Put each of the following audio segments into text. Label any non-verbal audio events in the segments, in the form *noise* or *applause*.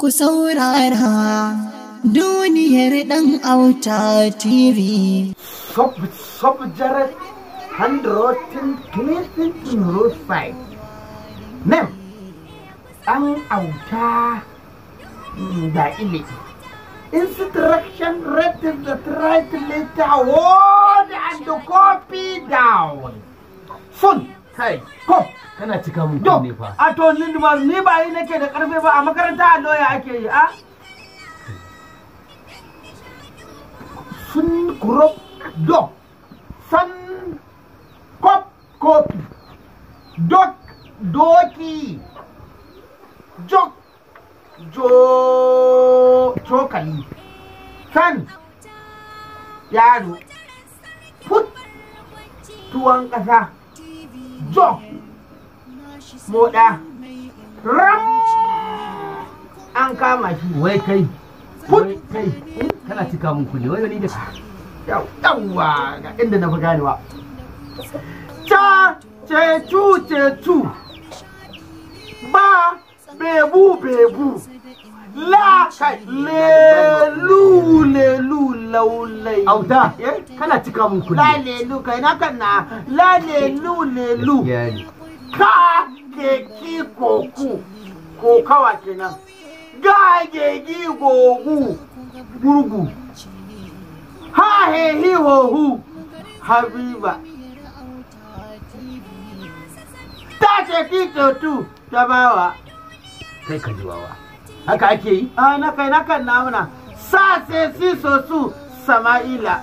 ku saurara duniyar ɗan auta TV. Subjarat 120 roadside. Nem, an auta da ili. Instruction written the right letter word and copy down. Soon. kai kom kana cika mun kunne fa a to lindman ni ba yi nake da karfe ba a makaranta a loya ake yi a sun kurop dog san kop kopi dog doki jok jo cokali san yaro put tuwon ƙasa zo moɗa ram an kama shi wai kai kai kana cika mun kulle wai da yawwa ga inda na fi ganewa ta cetu ba bebu bebu la lelu lelu laulai auta eh, kana cika mun kudi la lelu kai na kan na la lelu lelu ka ki koku ko kawa kenan ga gegi gogu gurgu ha he hi ho hu habiba ta ce ki to tu ta bawa kai ka ji haka ake yi a ah, na kai na kan namuna sa se si so su sama'ila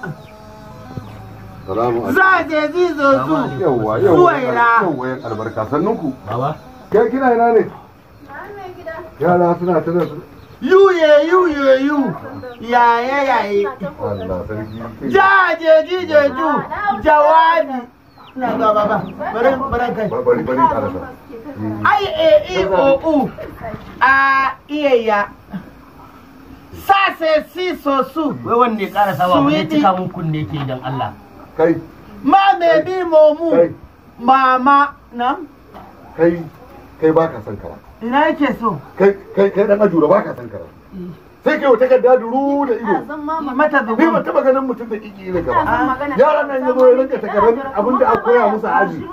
za je si zo su yawa albarka sannunku baba kina ina ne yara suna tana su yu yaye yaye jaje jije ju jawabi ina zuwa baba bari bari kai bari bari ai e i o u a iya ya se si so su wai wanne ƙara sawa wani cika mun kunne ke dan Allah kai ma me bi momu mama na kai kai baka san ina yake so kai kai kai dan ajura baka san sai kai wata da duru da ido da ba taba ganin mutum da kiki ne gaba yaran nan yazo ya rinka takarar abin abinda aka koya musu aji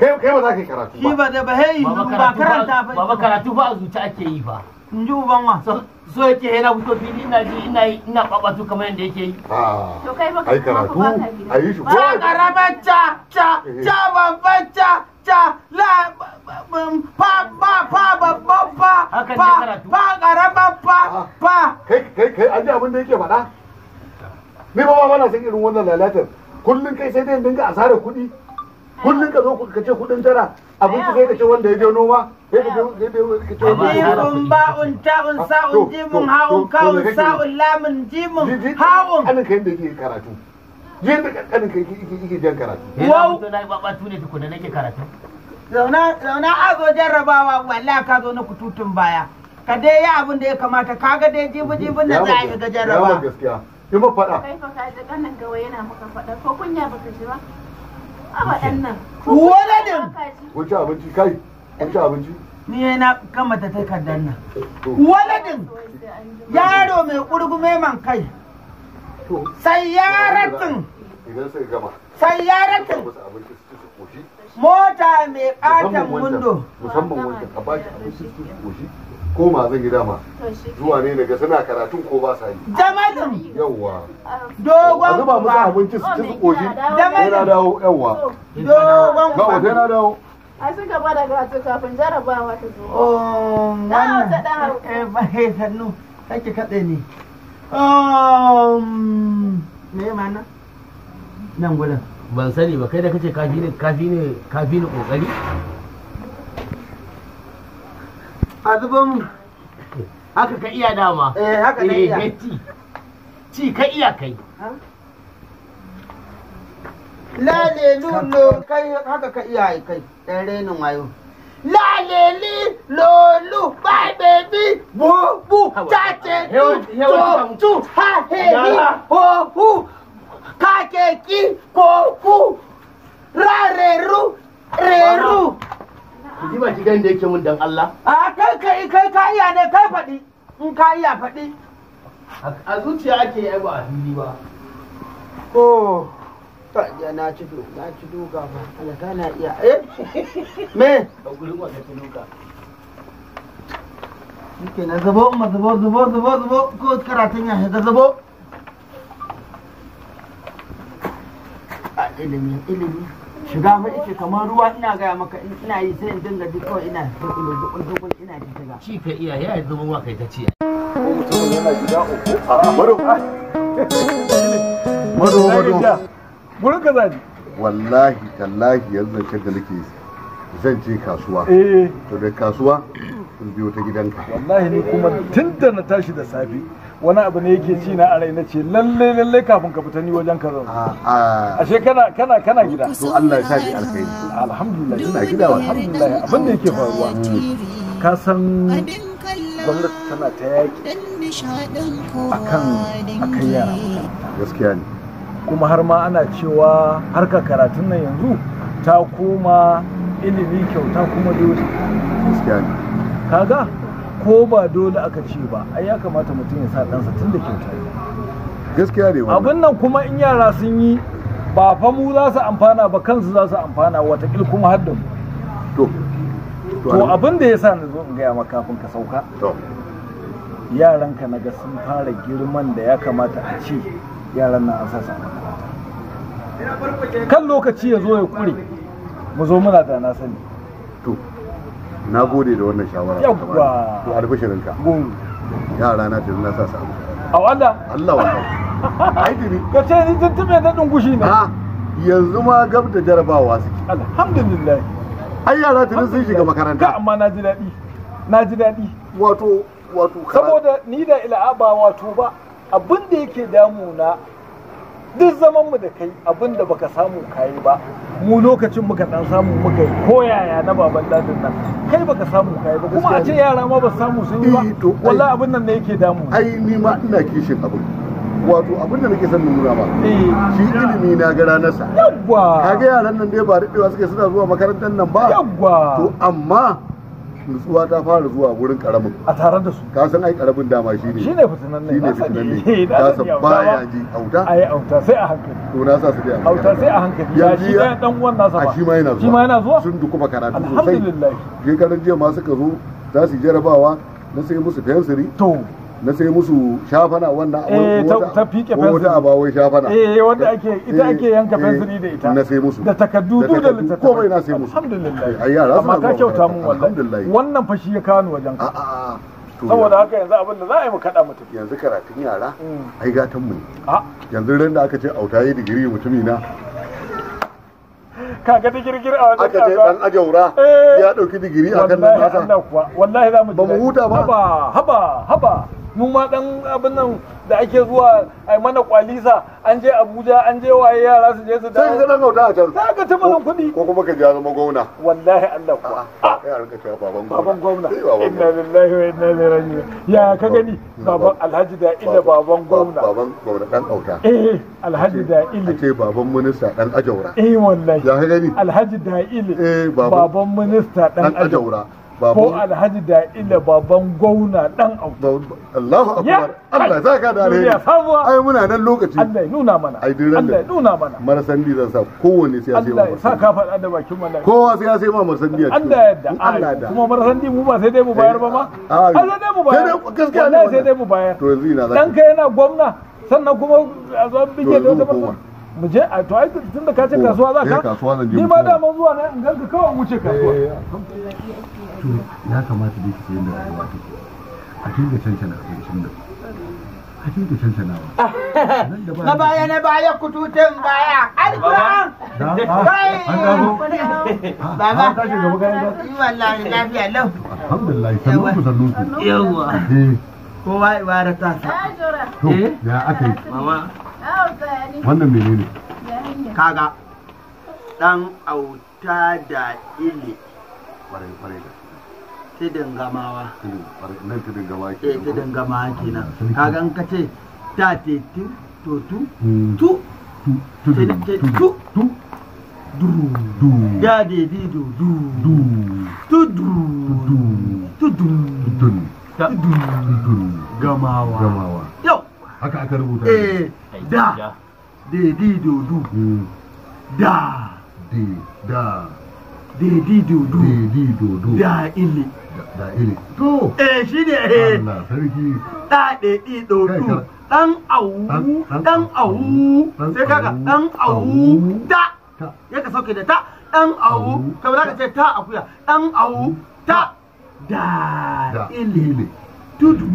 kai kai ba za ka karatu ba ba ba karanta ba ba karatu ba a zuci ake yi ba in ji uban wa so yake yana fito fili ina ji ina yi ina babatu kamar yadda yake ah, yi to kai ba kai karatu shi ko karaba cha cha eh, eh. cha babban cha cha la pa pa pa pa pa pa karaba ah. pa pa kai kai kai an ji abin da yake faɗa ni ba ba na san irin wannan lalatar kullun kai sai dai dinga asarar kuɗi kullun ka zo ka ce kuɗin tara abinci sai ka ce wanda ya je noma sai ka ce wanda ya je jimun ba'un ta'un ah, sa'un jimun ha'un kawun sa'un lamun jimun ha'un kanin ka yadda yake karatu jiyan da kanin ka yake jan karatu wow na yi babatu ne tukuna nake karatu zauna zauna a zo jarrabawa wallahi ka zo na kututun baya ka dai yi abin da ya kamata kaga dai jibi jibin da za a yi ga jarrabawa gaskiya yi faɗa kai fa ka ji kanin gawa yana maka faɗa ko kunya baka ji ba waladin wace abinci kai wace abinci ni na takardar nan waladin yaro mai kurgume man kai sai yaratin sai yaratin mota mai katon wundo musamman wanda su koshi koma zan yi dama zuwa ne daga suna karatun ko ba sa yi jamalin yawwa dogon a zuba musu abinci su ci su koshi jamalin oh, na dawo yawwa dogon ba wata na dawo a sun gaba da wato kafin jarabawa ta zo oh, wannan ta dan hauka eh, ba he eh, sannu kake kade ni um me mana nan gudan ban sani ba kai da kace kafi ne kafi ne kafi ne kokari a zuban haka ka iya dama eh haka na iya eh, ci ka iya kai lale lulu kai haka ka iya kai dan renin wayo lale li lolu bye baby bu bu tate tu tu ha he ni ho hu ka ke ki ko ku ra re ru re ru Ki ji baki ganin da yake mun dan Allah. A kai kai kai ka iya ne kai faɗi. In ka iya faɗi. A zuciya ake yi ba a fili ba. Oh. Ya na ci do, na ci doka ba. Allah ta na iya. Eh? *laughs* Me? Ka gurin wa ka ci doka. Shike na zabo ma zabo, zabo, zabo, zabo, Ko karatun ya shiga zubo. A ilimi, ilimi. shiga fa ike kamar ruwa ina gaya maka ina yi sai in dinga duk kawai ina tukul tukul tukul ina ta shiga ci ka iya ya yi zama wa kai ta ka zaji wallahi tallahi yanzu ce da nake zan je kasuwa eh. to da kasuwa in biyo ta gidanka wallahi ni kuma tun da na tashi da safe wani abu ne yake ci na a rai na ce lalle lalle kafin ka fita ni wajen ka zauna ah, ah. she kana kana kana gida to Allah ya sa ni alkhairi alhamdulillah ina gida wa alhamdulillah abin da yake faruwa ka san gwamnati tana ta yaki akan akan yara gaskiya ne kuma har ma ana cewa harka karatun nan yanzu ta koma ilimi kyauta kuma dole gaskiya ne kaga ko ba dole aka ce ba ai ya kamata mutum ya sa ɗansa tun da kyauta gaskiya ne abin nan kuma in yara sun yi ba fa mu za su amfana ba kansu za su amfana watakil kuma har da mu to to abin da ya sa na zo in gaya maka kafin ka sauka yaran na ga sun fara girman da ya kamata a ce yaran nan an sasa kan lokaci ya zo ya kure mu zo muna da na sani to na gode da wannan shawara yawwa to albishirinka yara na tuni na sa su a wanda Allah wallahi *laughs* ai tuni ka ce ni tuntube na dungushi ne yanzu ma gab da jarabawa suke alhamdulillah ai yara tuni sun shiga makaranta amma na ji daɗi na ji daɗi wato wato saboda ni da ila'aba wato ba abin da yake damuna duk zaman mu da kai abin da baka samu kayi ba mu lokacin muka dan samu muka yi koyaya na baban dadin nan kai baka samu kayi ba kuma a ce yara ma ba samu sun yi ba eh, wallahi abin nan ne yake damu ai ni ma ina kishin abin wato abin da nake son nuna ma eh. shi ilimi na ga ranarsa yawwa kage yaran nan dai ba daɗewa suke suna zuwa makarantar nan ba yawwa to amma nutsuwa ta fara zuwa wurin karamin a tare da su ka san ai karamin dama shi ne shi ne fitinan ne shi ne fitinan ne ka *laughs* san baya ji auta ai auta sai a hankali to na sa su biya auta sai a hankali ya shi da dan uwan nasa ba shi ma yana zuwa shi ma yana zuwa sun duku ba karatu sosai alhamdulillah ke karin jiya ma suka zo za su jarabawa na sai musu fensiri to na sai musu shafana wanda eh, ta fike wata abawai shafana eh wanda ake ita eh, ake yanka eh, fensiri da ita na sai musu da takaddu da littattafai komai na sai musu alhamdulillah ai yara amma ka kyauta mun wallahi wannan fashi ya kawo wajen ka saboda haka yanzu abin da za a yi mu kada mutum yanzu karatun yara hmm. ai gatan mu yanzu ran da aka ce auta yi digiri mutumi na kaga ta girgir a wajen aka ce dan ajaura ya dauki digiri akan nan nasa wallahi za mu ba mu huta ba haba haba haba mu ma dan abin nan da ake zuwa a mana kwalisa an je Abuja an je waye yara su je su da sai ka nan gauta a can sai ga ta mana kuɗi ko kuma ka ja zama gwamna wallahi Allah kuwa ya rinka cewa baban gwamna baban gwamna inna lillahi wa inna ilaihi raji'un ya ka gani baban Alhaji da illa baban gwamna baban gwamna dan kauta eh Alhaji da illa ce baban minista dan ajaura eh wallahi ya ka gani Alhaji da illa eh baban minista dan ajaura ko alhaji da ila baban gwauna dan abu Allahu akbar Allah za ka dare ni ai muna nan lokaci Allah ya nuna mana ai diran Allah ya nuna mana sandi zan sa kowanne sai ya sai Allah ya sa ka faɗa da bakin mallaka kowa sai ya sai ma marasandi a Allah ya yarda Allah ya kuma marasandi mu ba sai dai mu bayar ba ma Allah dai mu bayar gaskiya ne sai dai mu bayar to yanzu ina dan kai yana gwamna sannan kuma a zo bige da wata mu je a to ai tun da ka ce kasuwa za ka eh, ni ma da mun zuwa ne in ganka kawai wuce kasuwa eh, eh. to ya kamata da kike yadda rayuwa take a dinga cancana abincin ah, nan a dinga cancanawa na baya na baya kututun baya alquran bai ah, an baba ka shiga makaranta wallahi lafiya lau alhamdulillah sannu ku sannu ku yawa eh. kowa ya ta sa to eh? ya aka yi mama wannan menene kaga dan auta da ili kwarai kwarai da tudun gamawa nan tudun gama ke eh tudun gama kenan kaga in ka ce ta te tu to tu tu hmm. tu tu tu du du da de di du du du tu du du tu du tu du tu gamawa gamawa yau haka aka rubuta eh da de di du du hmm. da de da de di du du de di du du da ili da iri to eh shi ne eh Allah sarki da de di du dan awu dan awu sai kaga dan awu da ya ka sauke da ta dan awu ka ce ta akuya dan awu ta da ili tudu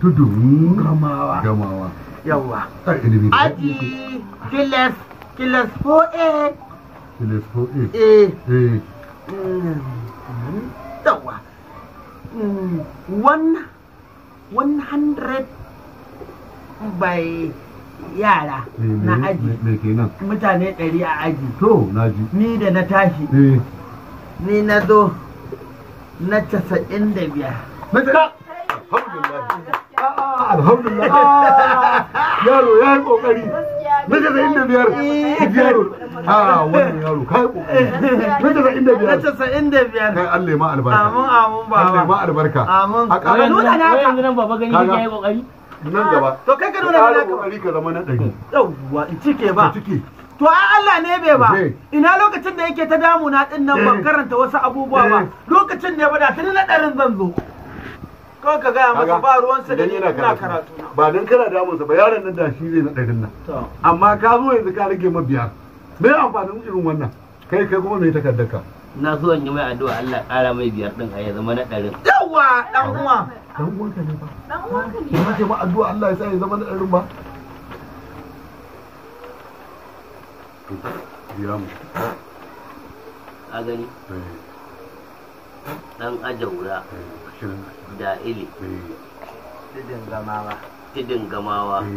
tudu gamawa gamawa aji kiles kiles ko a kiles eh eh mm. yawa mm, one 100 by yara na aji mutane 100 a aji to ni da na tashi ni na zo na 95 ah, alhamdulillah ah, *laughs* yaro ya yi kokari na casa'in inda biyar biyar a wannan yaro kai na casa'in inda biyar na casa'in inda biyar kai an lema albarka amin amin ba an lema albarka amin a ƙara nuna na ka nan baba gani kai yi kokari nan gaba ah, to kai ka nuna na ka kokari ka zama na ɗari yawwa in cike ba cike to ai Allah ne bai ba ina lokacin da yake ta damu na din nan ban eh. karanta wasu abubuwa ba eh. lokacin ne ba da tuni na ɗarin zan zo kawai ka gaya masa ba ruwansa da ni ina karatu ba don kana damunsa ba yaron nan da shi zai na ɗarin nan amma ka zo yanzu ka rage mabiya me amfanin irin wannan kai kai kuma mai takardar ka na so in yi mai addu'a Allah ƙara mai biyar din a ya zama na ɗarin yawa dan uwa dan uwa ka ne ba dan uwa ka ne ba ce ma addu'a Allah ya sa ya zama na ɗarin ba ya mu a gani dan eh. ajaura eh, da ili eh. didin zama ba idin gamawa eh,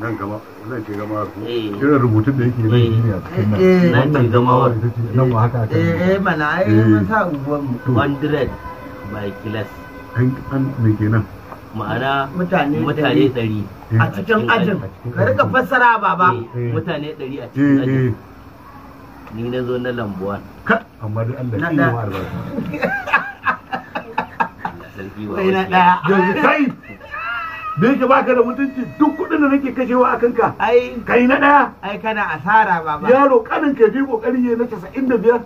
nan gama nan ce gamawa eh. irin rubutun da yake nan shine a cikin nan wannan eh, gamawa nan ma haka aka eh mana ai mun sa uwan 100 by class an an me kenan ma'ana mutane mutane 100 a cikin ajin ka rika fassara baba mutane 100 a cikin ajin ni na zo na lambuwan amma duk Allah ya yi wa albarka sarki wa kai da yake baka da mutunci duk kuɗin da nake kashewa a kanka ai kai na ɗaya ai kana asara baba yaro kanin ka bi kokari ne na 95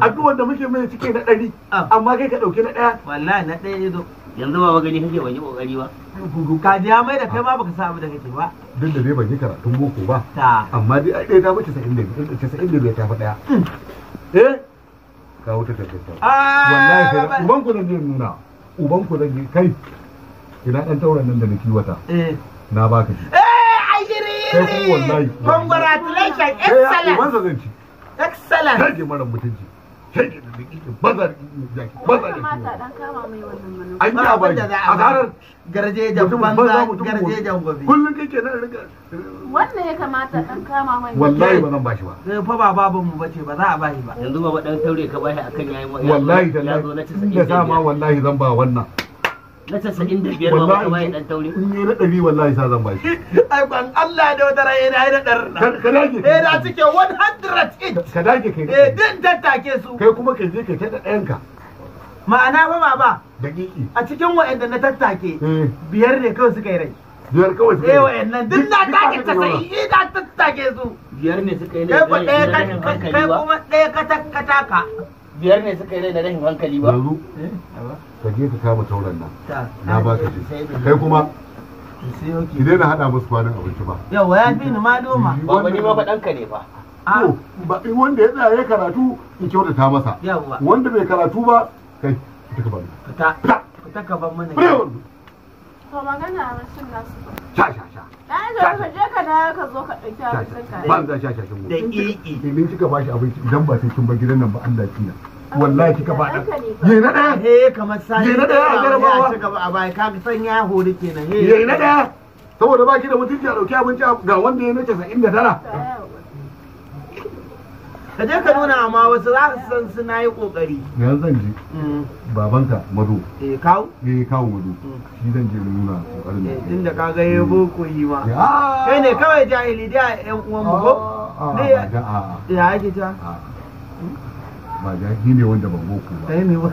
addu'ar da muke mai cike na 100 ah. amma kai ka dauke na ɗaya wallahi na ɗaya yazo yanzu ba gani kake ban kokari ba ka ji mai da kai ma baka samu da kake ba duk da dai ban yi karatun boko ba amma dai ai dai ta bace 95 ta fa ɗaya hmm. eh ka wuta tabbata wallahi uban ku zan nuna uban ku zan kai ina ɗan tauren nan da na kiwata eh. na baka shi eh ayiri wallahi congratulations excellent wanda zan ci excellent kage mara mutunci kage da dakiki bazar jaki bazar da kiwo dan kama mai wannan an yi abin a garar garjejan banza garjejan gobe kai ke nan riga wannan ya kamata ɗan kama mai wallahi ba zan bashi ba sai eh, fa ba baban mu bace ba za a bashi ba yanzu ba ɗan taure ka bashi akan yayin wallahi da ya zo na 90 da dama wallahi zan ba wannan na casa'in da biyar ba kuma ya dan taure in yi na ɗari wallahi sa zan bashi ai ban Allah da wata rai na yi na ɗari na ka dage eh na cike 100 in. ka dage kai eh din tattake su kai kuma ka je ka kada ɗayan ka ma'ana ba baba daƙiƙi a cikin wa'anda na tattake eh. biyar ne kawai suka yi rai biyar kawai suka yi eh wa'annan duk na take casa'in eh, na tattake su biyar ne suka yi rai kai kuma ɗaya ka taka biyar ne suka yi rai da rashin hankali ba eh, ka je ka kama tauran nan na ba ka je kai kuma ki daina haɗa musu kwanan abinci ba yau ya fi ni ma doma ba ni ma ba ɗanka ne ba wanda ya tsaya karatu karatu kyauta kyautata masa wanda bai karatu ba kai fita ka bani fita fita ka ban mana to magana rashin nasu ba sha sha sha na zo ka je ka dawo ka zo ka ɗauki abincin ka ban za sha sha shin da ƙiƙi idan kika shi abinci idan ba sai kin bar gidan nan ba Allah ya wallahi kika faɗa ye na ɗaya he eh, kamar sai ye na ɗaya a jarabawa ya gaba a bai ka san ya hori kenan he eh. ye na ɗaya saboda baki da mutunci a dauki abinci ga wanda ya nace 79 ka je ka nuna amma wasu za su san suna yi kokari yanzu zan je mm. babanka mado eh kawo eh kawo mado mm. shi zan je nuna kokarin eh tunda ka ga ya mm. boko yi ma kai ne kawai jahili da yan uwan mu ko ne ah, ah, ah, ya ake ta ba jahili *laughs* oh, ne wanda ba boko ba ai ne ba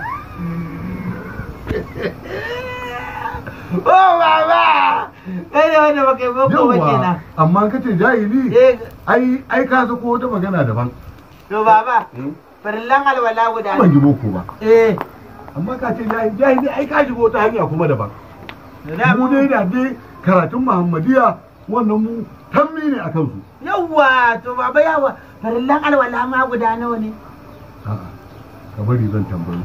oh baba kai ne wanda baka boko ba kenan amma kace jahili eh. ai ai ka sako wata magana daban to baba hmm? farillan alwala guda ban ji boko ba eh amma ka ce jahili ai ka shigo ta hanya kuma daban mu dai da dai karatun muhammadiya wannan mu tammi ne a kansu yawwa to baba yawa farillan alwala ma guda nawa ne a'a ka zan tambayi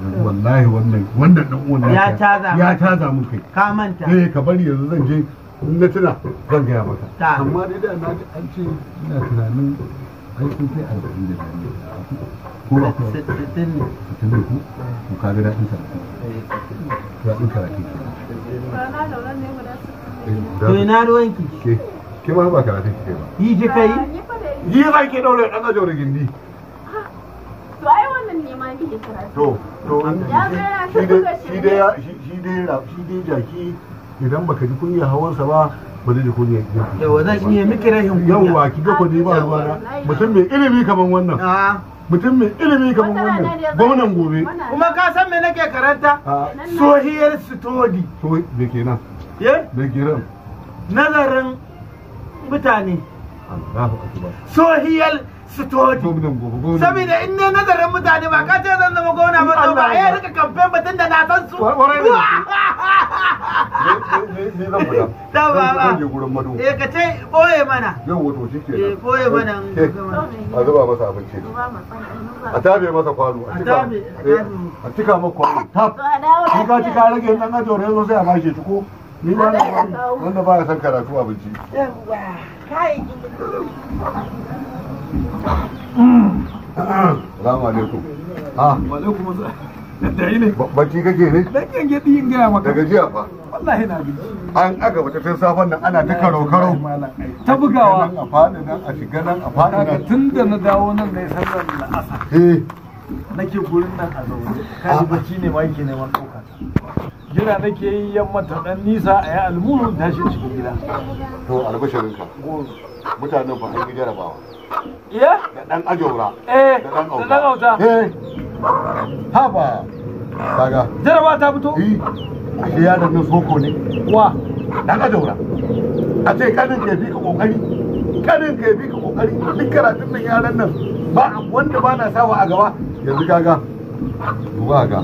yanzu wallahi wannan dan uwan ya caza mun kai ka manta eh ka bari yanzu zan je in na tuna zan gaya maka amma dai da na an ce ina tunanin ai kun kai arba'in da biyar ko ba ku sittin ne sittin ne ku ku ka ga daɗin sarki daɗin sarki ke eh, to ina ruwanki ke ke ma ba karatun ke ba yi ji kai yi kai ke daure dan ajo da gindi wannan ne ma yake to shi shi jaki idan baka ji kunya hawansa ba ba zai ji kunya ji yawa za shi ne miki rahin kunya yawa ki ga ba ruwa na ah. mutum mai ilimi kaman wannan mutum mai ilimi kaman wannan gwamnan gobe kuma ka san me nake karanta ah. sohiyar sitodi kenan kenan nazarin mutane Allahu akbar sohiyar sitoti saboda in nazarin mutane ba ka ce zan zama gona ba ba ya rika kamfen batun da na san su *laughs* da ba ba eh ka ce boye mana yau wato shi ke boye eh, mana eh, a zuba masa abinci a tabe masa kwano a tabe a eh, tika kwano ka rage nan zo sai a bashi ni ba na wanda ba ya san karatu abinci kai Salamu alaikum. Ah. alaikum salam. Da ne. Bacci kake ne? Dan yan gedi yin gaya maka. Daga fa. Wallahi na bi. An aka wata tun safan nan ana ta karo karo. Ta bugawa. A faɗi nan a shiga nan a faɗi nan. Tun da na dawo nan na yi sallar la'asa. Eh. Nake gurin nan a zaune. Kaji ah. bacci ne ma yake neman ɗauka. Jira nake yi yamma ta ɗan nisa a yi almuru tashin cikin gida. To albashirinka. Mutanen ba an yi jarabawa. iya da dan ajaura eh da dan auta eh haba kaga jaraba ta fito eh ashe ya da soko ne wa dan ajaura a ce kanin ke bi ka kokari kanin ke bi ka kokari duk karatun nan yaran nan ba wanda ba na sawa a gaba yanzu kaga duba ga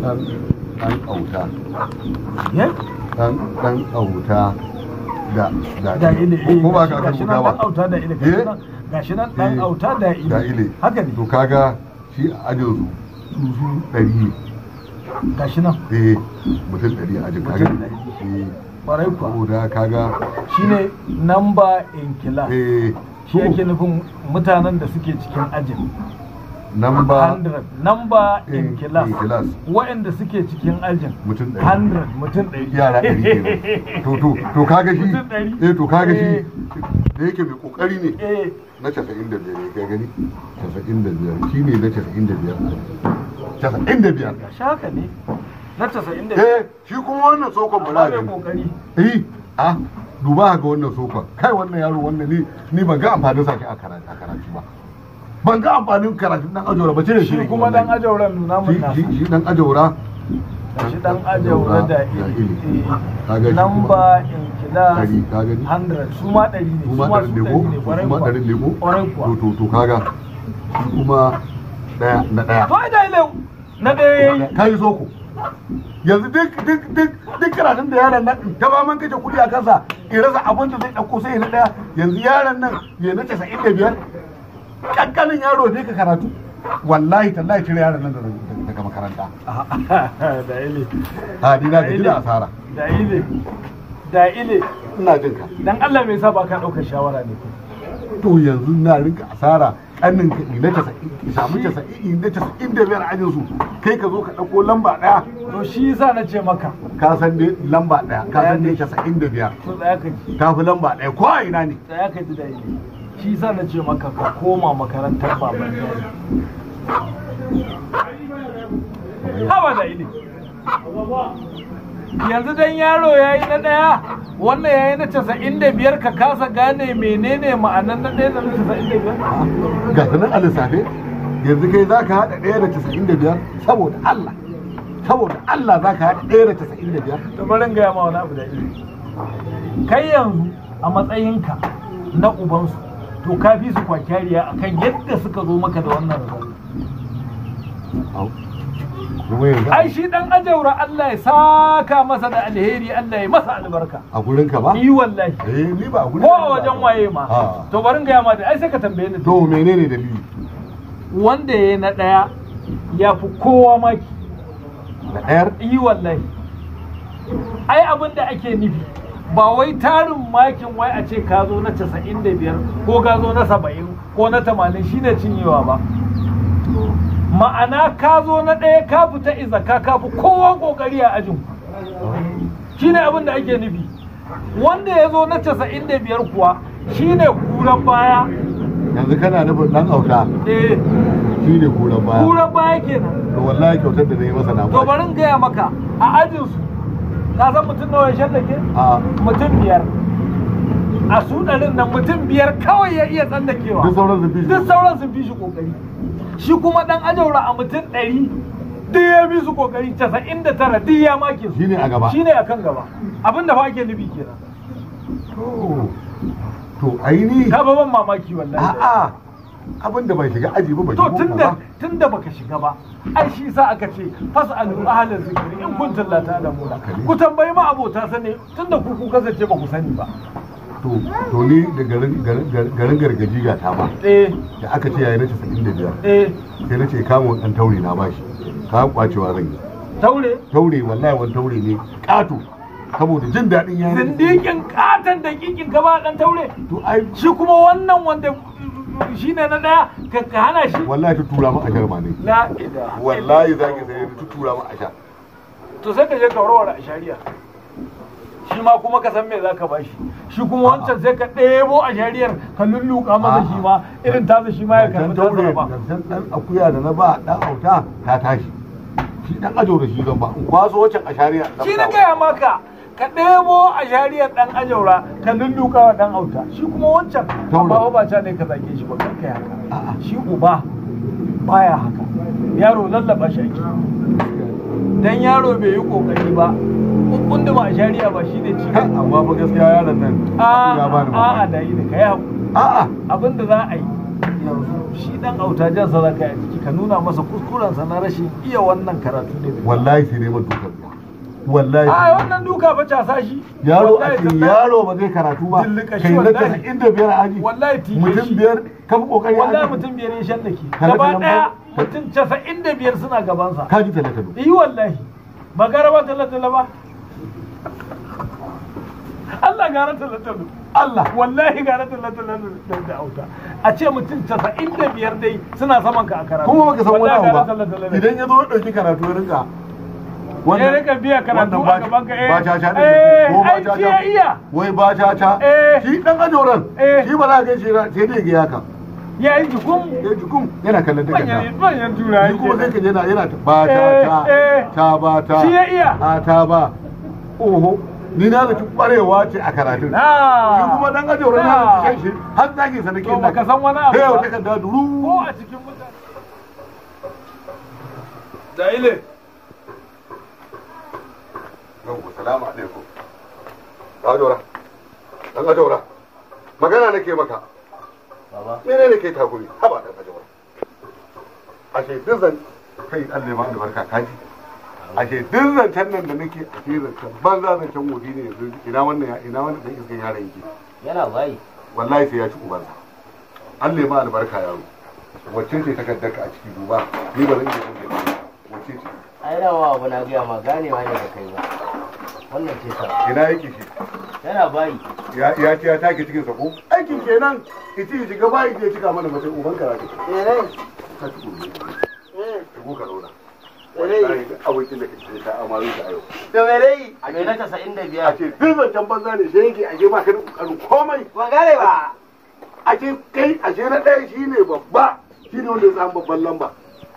dan dan auta eh dan dan auta da da ko ba ka auta ba gashi nan dan eh, auta da ile haka ne to kaga shi ajin su mhm. ɗari ne gashi nan eh mutum dari a ajin kaga eh. ƙwarai kuwa da kaga shine namba inkila eh shi yake nufin mutanen da suke cikin ajin number 100 eh, in class waɗanda suke cikin ajin. mutum 100 mutum 100 yara 100 *laughs* to to to kaga shi eh to kaga shi da yake mai kokari ne na casa'in da biyar ga gani casa'in da biyar shi ne na casa'in da biyar casa'in da biyar shaka ne na casa'in da biyar eh shi kuma wannan tsokon ba za a eh a duba ga wannan tsokon kai wannan yaro wannan ni ni ban ga amfanin sa a karatu ba ban ga amfanin karatun dan ajaura ba ce shi kuma dan ajauran nuna mun shi dan ajaura Eh, shi dan ajau na da'ili namba inkila 100 su ma 100 ne su ma su to to kaga kuma daya na daya to na kai zo ku yanzu duk duk duk duk karatun da yaron nan ta ba man kace kuɗi a kansa in rasa abin da zai ɗauko sai na daya yanzu yaron nan ya na 95 kankanin yaro ne ka karatu wallahi tallahi cire yaron nan da zai makaranta *laughs* da ile ha ni na gaji asara da ile da ile ina jin ka dan Allah me yasa ba ka daukar shawara ne to yanzu na rinka asara annin ka ina ta samu ta ina ta inda biyar ajin su kai ka zo ka dauko lamba daya to shi yasa na ce maka ka san dai lamba daya ka san dai 95 to daya ka ji ta fi lamba daya ko a ina ne daya ka ji da ile shi yasa na ce maka ka koma makarantar baban haba da ini yanzu dan yaro ya yi na ɗaya wannan ya yi na casa'in da biyar ka kasa gane menene ma'anan na ɗaya da na casa'in da biyar ga sunan alisafe yanzu kai za ka haɗa ɗaya da casa'in da biyar saboda allah saboda allah za ka haɗa ɗaya da casa'in da biyar da gaya ma wani abu da ini kai yanzu a matsayinka na ubansu to ka fi su kwakiyariya akan yadda suka zo maka da wannan ai shi dan ajaura Allah ya saka masa da alheri Allah ya masa albarka a gurin ka ba yi wallahi eh ni ba a gurin ko a wajen waye ma to barin ga ma da ai sai ka tambaye ni to menene da wanda ya na daya ya fi kowa maki na dayar yi wallahi ai abin da ake nufi ba wai tarin makin wai a ce ka zo na 95 ko ka zo na 70 ko na 80 shine cinyewa ba ma'ana ka zo na ɗaya ka fita iza ka fi kowa ƙoƙari a ajin shi ne abin da ake nufi wanda ya zo na casa'in da biyar kuwa shi ne kuran baya yanzu kana nufin ɗan auta eh shi ne kuran baya kuran baya kenan to wallahi kyautar da zai masa namu to bari in gaya maka a ajin su san mutum nawa ya ke? mutum biyar a su ɗarin nan mutum biyar kawai ya iya tsallakewa duk sauran sun fi shi ƙoƙari shi kuma dan ajaura a mutum ɗari duk ya bi su kokari casa'in da tara duk ya make su shine a gaba shine a kan gaba abin da fa ake nufi kenan to aini ka ba ban mamaki wallahi a'a abin da bai shiga aji ba bai to tunda tunda baka shiga ba ai shi sa aka ce fasalu ahla zikri in kuntum la ta'lamuna ku tambayi ma abota sane tunda ku ku kasance ba ku sani ba to to ni da garin gargaji ga ta ba eh. da aka ce yayi nace eh. 75 sai nace kamo dan taure na bashi ka kwacewa zan yi taure taure wallahi wani taure ne kato saboda jin daɗin yayin zindikin katon da kikin ka ba dan taure to ai shi kuma wannan wanda shi ne na daya ka hana shi wallahi ta tura mu ashar ma ne la wallahi zaki sai ta tura mu ashar to sai ka je ka warware shari'a. shi ma kuma ka san me za ka bashi shi kuma wancan sai ka ɗebo a jariyar ka lulluka masa shi ma irin tasa shi ma ya karɓi tasa ba dan akuya da na ba ɗan auta ta tashi shi ɗan ajo da shi zan ba in kwaso wancan a shari'a shi na gaya maka ka ɗebo a jariyar ɗan ajaura ka lulluka wa ɗan auta shi kuma wancan amma ba ca ne ka zage shi ba kai haka shi uba baya haka yaro lallaba shi ake dan yaro bai yi kokari ba kundu ba a shari'a ba shi ne cikin amma fa gaskiya yaron nan ya ba ni a'a da yi da kai hakuri a'a abin da za a yi shi dan autajen jan sa zaka yi ciki ka nuna masa kuskuren sa na rashin iya wannan karatu ne. wallahi sai dai ma duka wallahi a wannan duka fa casa shi yaro a cikin yaro ba zai karatu ba kai na kasa inda biyar aji wallahi tike mutum biyar kan kokari wallahi mutum biyar ya shan dake gaba daya mutum 95 suna gabansa ji talaka do yi wallahi ba garaba talaka ba Allah gara talatalu Allah wallahi gara talatalu da auta a ce mutum casa'in da biyar dai suna saman ka a karatu kuma baka san wani abu ba idan ya zo ya ɗauki karatu ya rinka ya rinka biya karatu a gaban ka eh ba caca eh, ne ko ba iya wai ba caca eh. shi dan ajoran eh. shi ba za ka shi sai dai ga yaka ya yi jikun ya jikun yana kallon ta kanta manyan tura yake kuma sai ka yana yana ba ta ta ta ba ta shi ya iya a ta ba oho ni na da kwarewa ce a karatun shi kuma dan ajo ran na cikin shi har zaki sa nake ka san wani abu ta sai da duru ko a cikin mutane da ile yau salamu alaikum dan ajo ran dan ajo jora magana nake maka baba mene ne kai takuri haba dan ajo jora ashe duk kai Allah ya ba albarka kaji ake duk can nan da nake a ban za banza can wuri ne yanzu ina wannan ya ina wannan da iskan yaran yake yana bayi wallahi sai ya ci ubansa An ya albarka yaro wacce ce ta ka a ciki duba ni ba zan iya wacce ce ai rawa abu na gaya ma gane ganewa ne da kai ba wannan ce ta ina yake shi yana bayi ya ya ce ya take cikin sa ko aikin kenan ki ci shiga bayi je cika mana mace uban karatu eh ka ci kamaru da da me dai a ke na 95 a ce duk zancen banza ne sai yake a ba ka da kokarin komai ba gare ba a ce kai a ce na ɗaya shine babba shine wanda ya samu babban lamba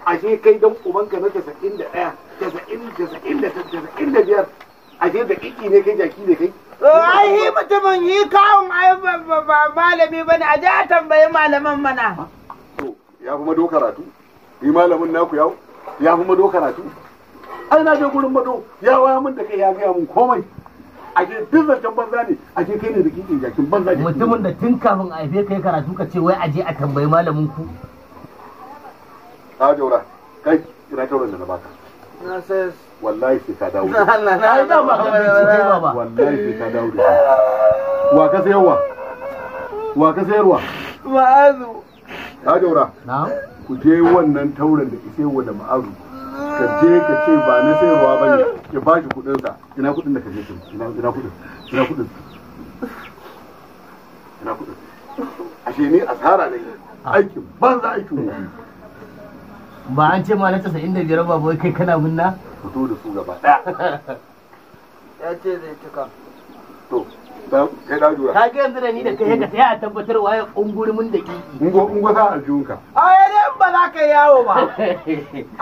a ce kai dan ubanka na 91 95 a ce da kiki ne kai jaki ne kai ai mutumin yi kawun ai malami ne a ji a tambayi malaman mana ya fi mado karatu yi malamin naku yawo ya fi mado karatu ai na je gurin mado ya waya min da kai ya gaya mun komai a ake duk zancen banza ne a ke kai ne da kikin jakin banza ne mutumin da tun kafin a haife kai karatu ka ce wai a je a tambayi malamin ku a jaura kai ina tauran da na baka na sai wallahi sai ka dawo na *laughs* na ai ba ba wallahi sai ka dawo wa ka sayarwa wa ka sayarwa ma'azu a jaura na ku je wannan tauran da ke sayarwa da ma'azu ka je ka ce ba na sai ba bane ki ba shi kudin sa ina kudin da ka je ki ina ina kudin ina kudin ina kudin ashe ni asara ne ban banza aiki wuri ba an ce ma na 95 ba wai kai kana munna fito da su gaba daya ya ce zai tuka to kai da jura ka ga yanzu da ni da kai ka taya a tabbatar waye ungurumin da ki ungo ungo sa aljunka ai san ba za ka yawo ba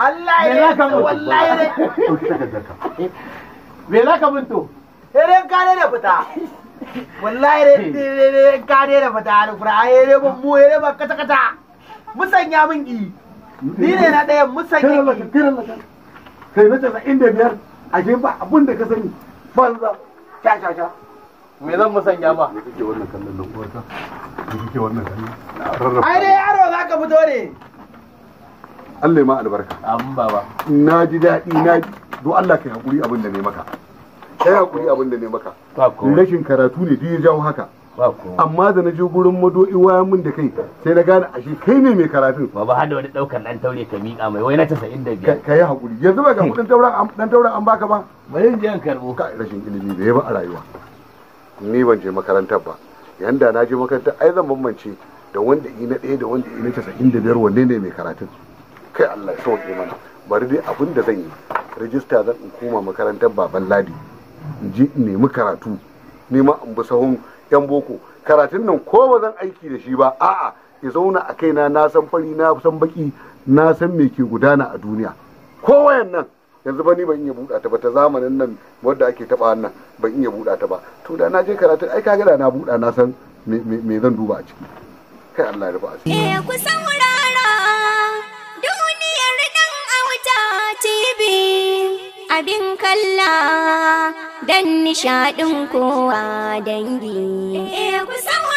*laughs* Allah ya wallahi ne *laughs* me za ka binto sai ka ne da fita wallahi ne *laughs* ka ne da fita alƙur'ani ya ne ban mu ya ba kata kata musanya min ni ne na ɗaya musanya ki kai na casa'in da biyar a je ba da ka sani banza sha sha sha me zan musanya ba me kake wannan kallon me kake wannan kallon ai dai yaro zaka fito ne Allah ma albarka amin baba na ji daɗi na do Allah kai hakuri abin da ne maka kai hakuri abin da ne maka rashin karatu ne duk ya jawo haka amma da na je gurin mado'i waya min da kai sai na gane ashe kai ne mai karatun baba hada wani daukar dan taure ka miƙa mai wai na 95 ka yi hakuri yanzu ba ga kudin tauran dan tauran an baka ba bari in je an karbo ka rashin ilimi da ya ba a rayuwa ni ban je makarantar ba yanda na je makarantar ai zan bambance da wanda ina ɗaya da wanda ina 95 wanne ne mai karatun kai Allah ya sauke mana bari dai abin da zan yi rajista zan in koma makarantar baban ladi in ji in nemi karatu nema in bi sahun yan boko karatun nan ko ba zan aiki da shi ba a'a ya zauna a kaina na san fari na san baki na san me ke gudana a duniya ko wayan nan yanzu ba ni ban iya buɗa ta ba ta zamanin nan wadda ake taɓa wannan ban iya buɗa ta ba to da na je karatun ai kaga da na buɗa na san me zan duba a ciki kai Allah ya rufa asiri eh kusan wurin TV abin kalla don nishaɗin kowa dangi. Eh,